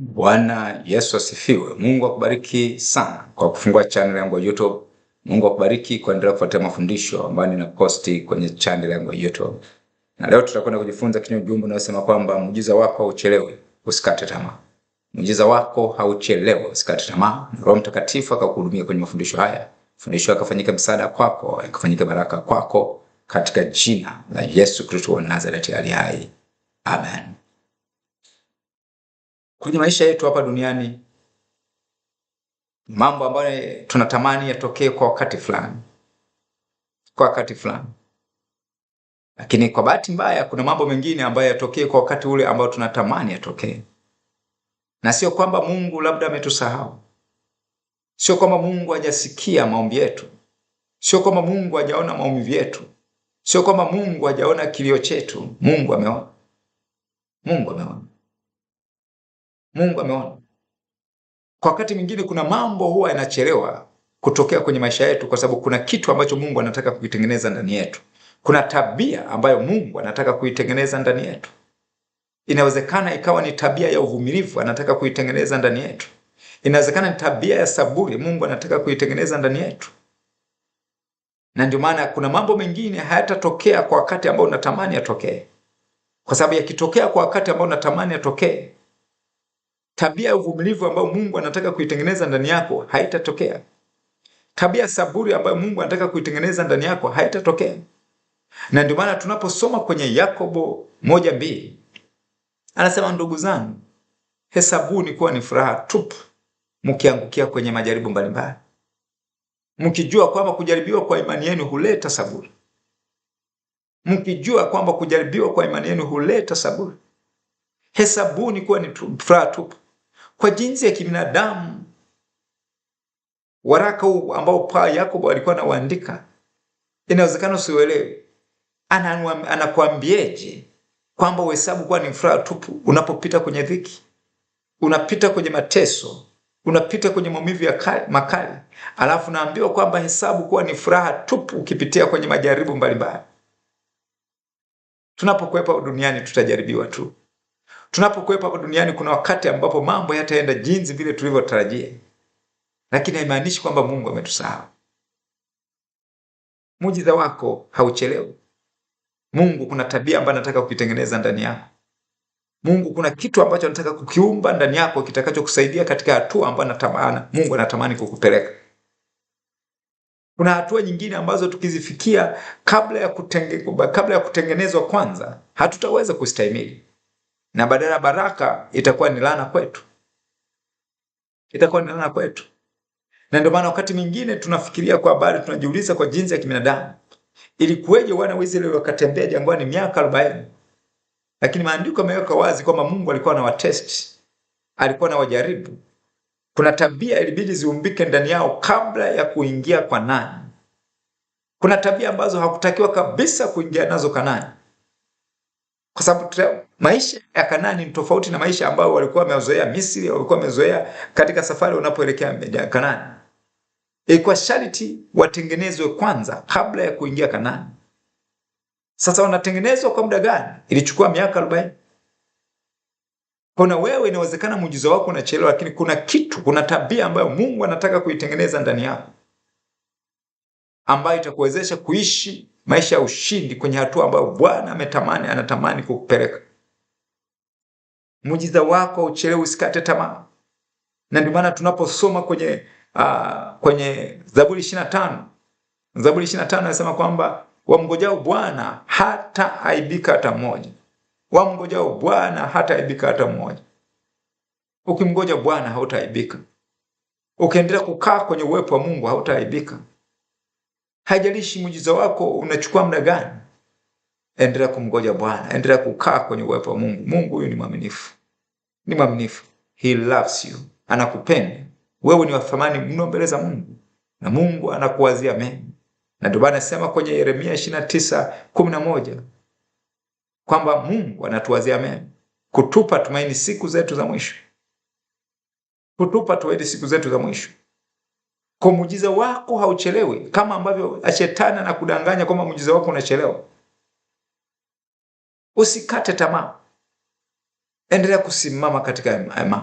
Bwana Yesu asifiwe. Mungu akubariki sana kwa kufungua channel yangu ya YouTube. Mungu akubariki kuendelea kufuatia mafundisho ambayo ninaposti kwenye channel yangu ya YouTube. Na leo tutakwenda kujifunza kinyo jumbo unayosema kwamba muujiza wako hauchelewi, usikate tamaa. Muujiza wako hauchelewi, usikate tamaa. Roho Mtakatifu akakuhudumia kwenye mafundisho haya. Fundisho akafanyika msaada kwako, akafanyika baraka kwako katika jina la Yesu Kristo wa Nazareti aliye hai. Amen kwenye maisha yetu hapa duniani, mambo ambayo tunatamani yatokee kwa wakati fulani, kwa wakati fulani, lakini kwa bahati mbaya kuna mambo mengine ambayo yatokee kwa wakati ule ambao tunatamani yatokee. Na sio kwamba Mungu labda ametusahau, sio kwamba Mungu hajasikia maombi yetu, sio kwamba Mungu hajaona maumivu yetu, sio kwamba Mungu hajaona kilio chetu. Mungu ameona, Mungu ameona. Mungu ameona. Kwa wakati mwingine kuna mambo huwa yanachelewa kutokea kwenye maisha yetu, kwa sababu kuna kitu ambacho Mungu anataka kukitengeneza ndani yetu. Kuna tabia ambayo Mungu anataka kuitengeneza ndani yetu. Inawezekana ikawa ni tabia ya uvumilivu, anataka kuitengeneza ndani yetu. Inawezekana ni tabia ya saburi, Mungu anataka kuitengeneza ndani yetu. Na ndio maana kuna mambo mengine hayatatokea kwa wakati ambao unatamani yatokee, kwa sababu yakitokea kwa wakati ambao unatamani yatokee, tabia ya uvumilivu ambayo Mungu anataka kuitengeneza ndani yako haitatokea. Tabia ya saburi ambayo Mungu anataka kuitengeneza ndani yako haitatokea. Na ndio maana tunaposoma kwenye Yakobo moja mbili anasema, ndugu zangu, hesabuni kuwa ni furaha tupu mkiangukia kwenye majaribu mbalimbali, mkijua kwamba kujaribiwa kwa imani yenu huleta saburi, mkijua kwamba kujaribiwa kwa imani yenu huleta saburi. Hesabuni kuwa ni furaha tupu kwa jinsi ya kibinadamu. Waraka huu ambao pa Yakobo alikuwa anaandika, inawezekana usiuelewe. Anakuambieje kwamba uhesabu kuwa ni furaha tupu unapopita kwenye dhiki, unapita kwenye mateso, unapita kwenye maumivu ya makali, alafu naambiwa kwamba hesabu kuwa ni furaha tupu ukipitia kwenye majaribu mbalimbali. tunapokwepa duniani tutajaribiwa tu. Tunapokuwepo hapa duniani, kuna wakati ambapo mambo yataenda jinsi vile tulivyotarajia, lakini haimaanishi kwamba Mungu ametusahau. Mujiza wako hauchelewi. Mungu kuna tabia ambayo anataka kukitengeneza ndani yako. Mungu kuna kitu ambacho anataka kukiumba ndani yako kitakachokusaidia katika hatua ambayo anatamani Mungu anatamani kukupeleka. Kuna hatua nyingine ambazo tukizifikia kabla ya, kabla ya kutengenezwa kwanza hatutaweza kustahimili na badala ya baraka itakuwa ni laana kwetu, itakuwa ni laana kwetu. Na ndio maana wakati mwingine tunafikiria kwa habari, tunajiuliza kwa jinsi ya kibinadamu, ilikuweje wana wa Israeli wakatembea jangwani miaka 40? Lakini maandiko yameweka wazi kwamba Mungu alikuwa na watesti, alikuwa na wajaribu. Kuna tabia ilibidi ziumbike ndani yao kabla ya kuingia kwa nani. Kuna tabia ambazo hakutakiwa kabisa kuingia nazo Kanani, kwa sababu Maisha ya Kanani ni tofauti na maisha ambayo walikuwa wamezoea Misri, walikuwa wamezoea katika safari unapoelekea Kanani. Ilikuwa sharti watengenezwe kwanza kabla ya kuingia Kanani. Sasa wanatengenezwa kwa muda gani? Ilichukua miaka 40. Kuna wewe, inawezekana muujiza wako unachelewa, lakini kuna kitu, kuna tabia ambayo Mungu anataka kuitengeneza ndani yako ambayo itakuwezesha kuishi maisha ya ushindi kwenye hatua ambayo Bwana ametamani, anatamani kukupeleka. Mujiza wako uchelewe, usikate tamaa. Na ndio maana tunaposoma kwenye uh, kwenye Zaburi 25 Zaburi 25 inasema kwamba wamngojao Bwana hata aibika hata mmoja, wamngojao Bwana hata aibika hata mmoja. Ukimngoja Bwana hautaaibika, ukiendelea kukaa kwenye uwepo wa Mungu hautaaibika. Haijalishi mujiza wako unachukua muda gani, Endelea kumgoja Bwana, endelea kukaa kwenye uwepo wa Mungu. Mungu huyu ni mwaminifu, ni mwaminifu. He loves you, anakupenda wewe, ni wa thamani mno mbele za Mungu na Mungu anakuwazia mema, na ndio maana anasema kwenye Yeremia 29:11 kwamba Mungu anatuwazia mema, kutupa tumaini siku zetu za mwisho, kutupa tumaini siku zetu za mwisho. Kwa muujiza wako hauchelewi, kama ambavyo ashetani anakudanganya kwamba muujiza wako unachelewa. Usikate tamaa, endelea kusimama katika imani,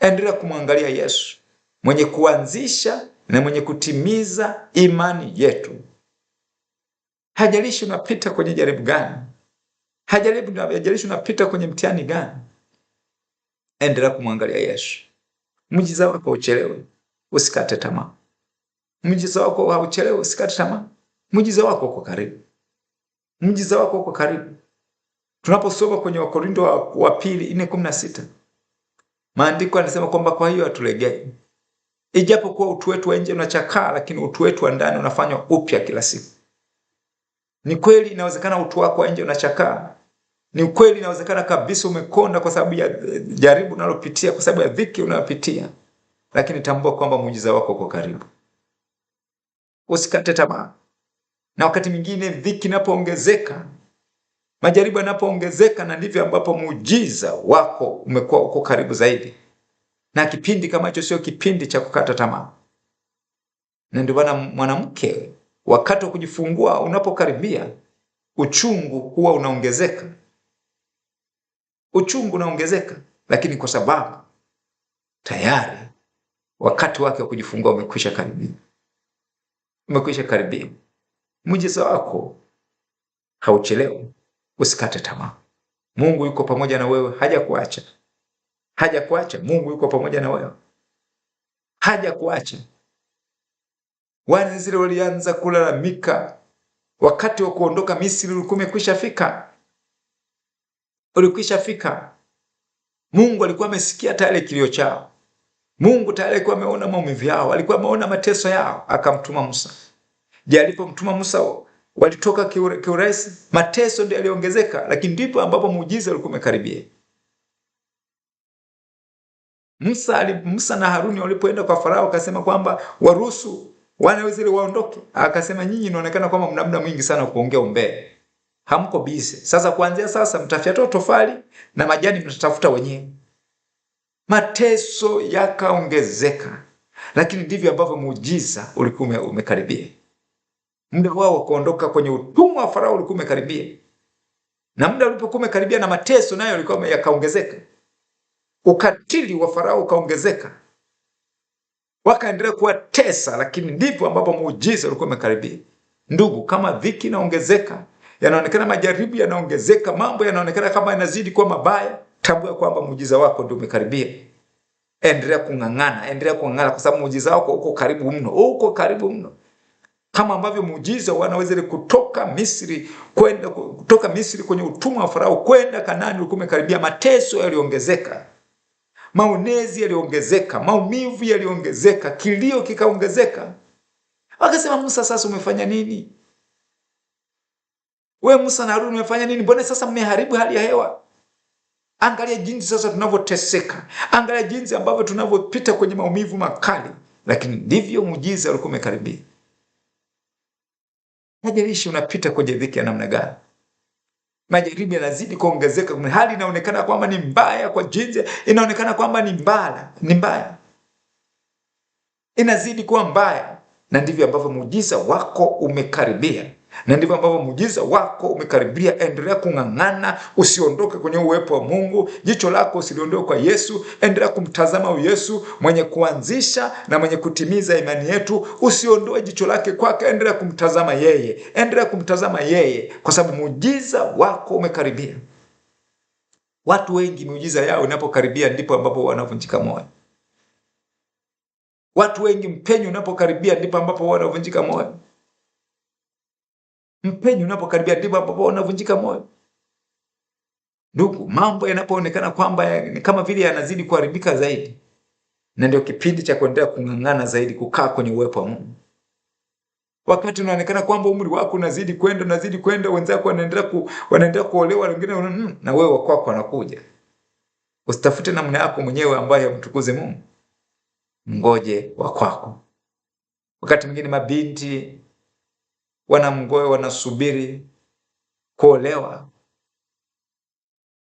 endelea kumwangalia Yesu mwenye kuanzisha na mwenye kutimiza imani yetu. Hajalishi unapita kwenye jaribu gani, hajalishi unapita kwenye mtihani gani, endelea kumwangalia Yesu. Mujiza wako uchelewe, usikate tamaa. Mujiza wako hauchelewe, usikate tamaa. Mujiza wako uko karibu, mujiza wako uko karibu. Tunaposoma kwenye Wakorinto wa wa pili nne kumi na sita maandiko yanasema kwamba kwa hiyo hatulegei, ijapokuwa utu wetu wa nje unachakaa, lakini utu wetu wa ndani unafanywa upya kila siku. Ni kweli inawezekana utu wako wa nje unachakaa, ni kweli inawezekana kabisa umekonda kwa sababu ya jaribu unalopitia, kwa sababu ya dhiki unayopitia, lakini tambua kwamba muujiza wako uko karibu. Usikate tamaa, na wakati mwingine dhiki inapoongezeka Majaribu yanapoongezeka na ndivyo ambapo muujiza wako umekuwa uko karibu zaidi, na kipindi kama hicho sio kipindi cha kukata tamaa. Na ndio maana mwanamke, wakati wa kujifungua unapokaribia, uchungu huwa unaongezeka, uchungu unaongezeka, lakini kwa sababu tayari wakati wake wa kujifungua umekwisha karibia, umekwisha karibia. Muujiza wako hauchelewi. Usikate tamaa. Mungu yuko pamoja na wewe, hajakuacha. Hajakuacha. Mungu yuko pamoja na wewe, hajakuacha. Waisraeli walianza kulalamika, wakati wa kuondoka Misri ulikuwa umekwisha fika, ulikwisha fika. Mungu alikuwa amesikia tayari kilio chao. Mungu tayari alikuwa ameona maumivu yao, alikuwa ameona mateso yao, akamtuma Musa. Je, alipomtuma Musa walitoka kiurahisi. Mateso ndio yaliongezeka, lakini ndipo ambapo muujiza ulikuwa umekaribia. Musa, Musa na Haruni walipoenda kwa Farao akasema kwamba waruhusu wana wa Israeli waondoke, akasema nyinyi inaonekana kwamba mna muda mwingi sana kuongea umbea, hamko bize. Sasa kuanzia sasa mtafyatua tofali na majani mtatafuta wenyewe. Mateso yakaongezeka, lakini ndivyo ambavyo muujiza ulikuwa umekaribia muda wao wa kuondoka kwenye utumwa wa Farao ulikuwa umekaribia, na muda ulipokuwa umekaribia, na mateso nayo yalikuwa yakaongezeka, ukatili wa Farao ukaongezeka, wakaendelea kuwatesa, lakini ndipo ambapo muujiza ulikuwa umekaribia. Ndugu, kama dhiki inaongezeka, yanaonekana majaribu yanaongezeka, mambo yanaonekana kama yanazidi kuwa mabaya, tambua kwamba muujiza wako ndio umekaribia. Endelea kung'ang'ana, endelea kung'ang'ana, kwa sababu muujiza wako uko karibu mno, uko karibu mno kama ambavyo muujiza wanaweza ile kutoka Misri kwenda kutoka Misri kwenye utumwa wa Farao kwenda Kanaani ulikuwa umekaribia. Mateso yaliongezeka, maonezi yaliongezeka, maumivu yaliongezeka, kilio kikaongezeka. Wakasema, Musa, sasa umefanya nini? We Musa na Haruni umefanya nini? Mbona sasa mmeharibu hali ya hewa? Angalia jinsi sasa tunavyoteseka, angalia jinsi ambavyo tunavyopita kwenye maumivu makali, lakini ndivyo muujiza ulikuwa umekaribia hajalishi unapita kwenye dhiki ya namna gani. Majaribu yanazidi kuongezeka, hali inaonekana kwamba ni mbaya, kwa jinsi inaonekana kwamba ni mbaya, ni mbaya, inazidi kuwa mbaya, na ndivyo ambavyo muujiza wako umekaribia na ndivyo ambavyo muujiza wako umekaribia. Endelea kung'ang'ana, usiondoke kwenye uwepo wa Mungu. Jicho lako usiliondoe kwa Yesu. Endelea kumtazama Yesu mwenye kuanzisha na mwenye kutimiza imani yetu. Usiondoe jicho lake kwake, endelea kumtazama yeye, endelea kumtazama yeye, kwa sababu muujiza wako umekaribia. Watu wengi miujiza yao inapokaribia ndipo ambapo wanavunjika moyo. Watu wengi mpenyo unapokaribia ndipo ambapo wanavunjika moyo. Mpenye unapokaribia ndipo ambapo unavunjika moyo. Ndugu, mambo yanapoonekana kwamba ni kama vile yanazidi kuharibika zaidi, na ndio kipindi cha kuendelea kung'ang'ana zaidi, kukaa kwenye uwepo wa Mungu. Wakati unaonekana kwamba umri wako unazidi kwenda, unazidi kwenda, wenzako wanaendelea ku, wanaendelea kuolewa, wengine mm, na wewe wako kwako anakuja, Usitafute namna yako mwenyewe ambayo yamtukuze Mungu, ngoje wa kwako. Wakati mwingine mabinti Wanamgoe wanasubiri kuolewa.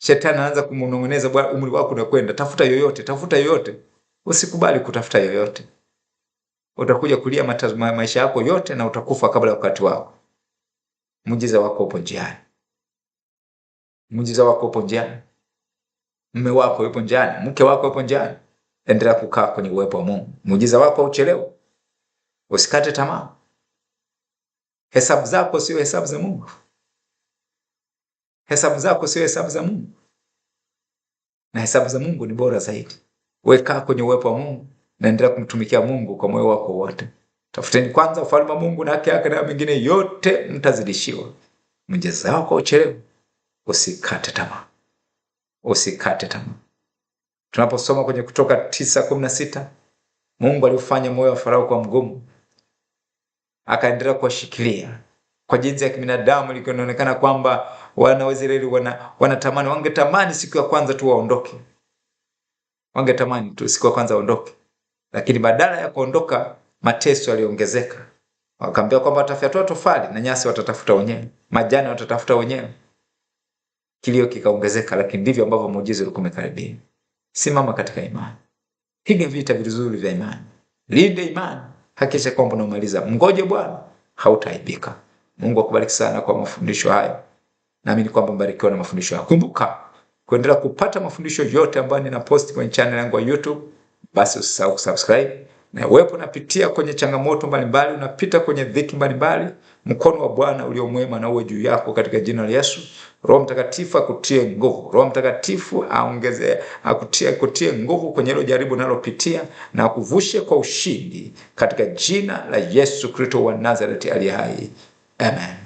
Shetani anaanza kumnong'oneza, bwana, umri wako unakwenda, tafuta yoyote, tafuta yoyote. Usikubali kutafuta yoyote, utakuja kulia maisha yako yote na utakufa kabla ya wakati wako. Mujiza wako upo njiani, mujiza wako upo njiani, mme wako yupo njiani, mke wako yupo njiani. Endelea kukaa kwenye uwepo wa Mungu. mujiza wako hauchelewi, usikate tamaa. Hesabu zako sio hesabu za Mungu, hesabu zako sio hesabu za Mungu, na hesabu za Mungu ni bora zaidi. Weka kwenye uwepo wa Mungu na endelea kumtumikia Mungu kwa moyo wako wote. Tafuteni kwanza ufalme wa Mungu na haki yake, na mengine yote mtazidishiwa. Mjeza wako uchelewe, usikate tamaa, usikate tamaa. Tunaposoma kwenye Kutoka tisa kumi na sita Mungu aliufanya moyo wa Farao kwa mgumu akaendelea kuwashikilia kwa jinsi ya kibinadamu ilikuwa inaonekana kwamba wana wa Israeli wana, wanatamani wangetamani siku ya kwanza tu waondoke, wangetamani tu siku ya kwanza waondoke, lakini badala ya kuondoka mateso yaliongezeka. Wakaambia kwamba watafyatua tofali na nyasi watatafuta wenyewe, majani watatafuta wenyewe. Kilio kikaongezeka, lakini ndivyo ambavyo muujiza ulikuwa umekaribia. Simama katika imani, piga vita vizuri vya imani, linde imani hakikisha kwamba unamaliza mgoje Bwana, hautaibika. Mungu akubariki sana kwa mafundisho hayo, naamini kwamba mbarikiwa na mafundisho hayo. Kumbuka kuendelea kupata mafundisho yote ambayo ninaposti kwenye channel yangu ya YouTube, basi usisahau kusubscribe na uwepo unapitia kwenye changamoto mbalimbali, unapita kwenye dhiki mbalimbali Mkono wa Bwana ulio mwema na uwe juu yako katika jina la Yesu. Roho Mtakatifu akutie nguvu, Roho Mtakatifu aongezee, akutie, akutie nguvu kwenye hilo jaribu nalopitia na akuvushe kwa ushindi katika jina la Yesu Kristo wa Nazareti aliye hai, amen.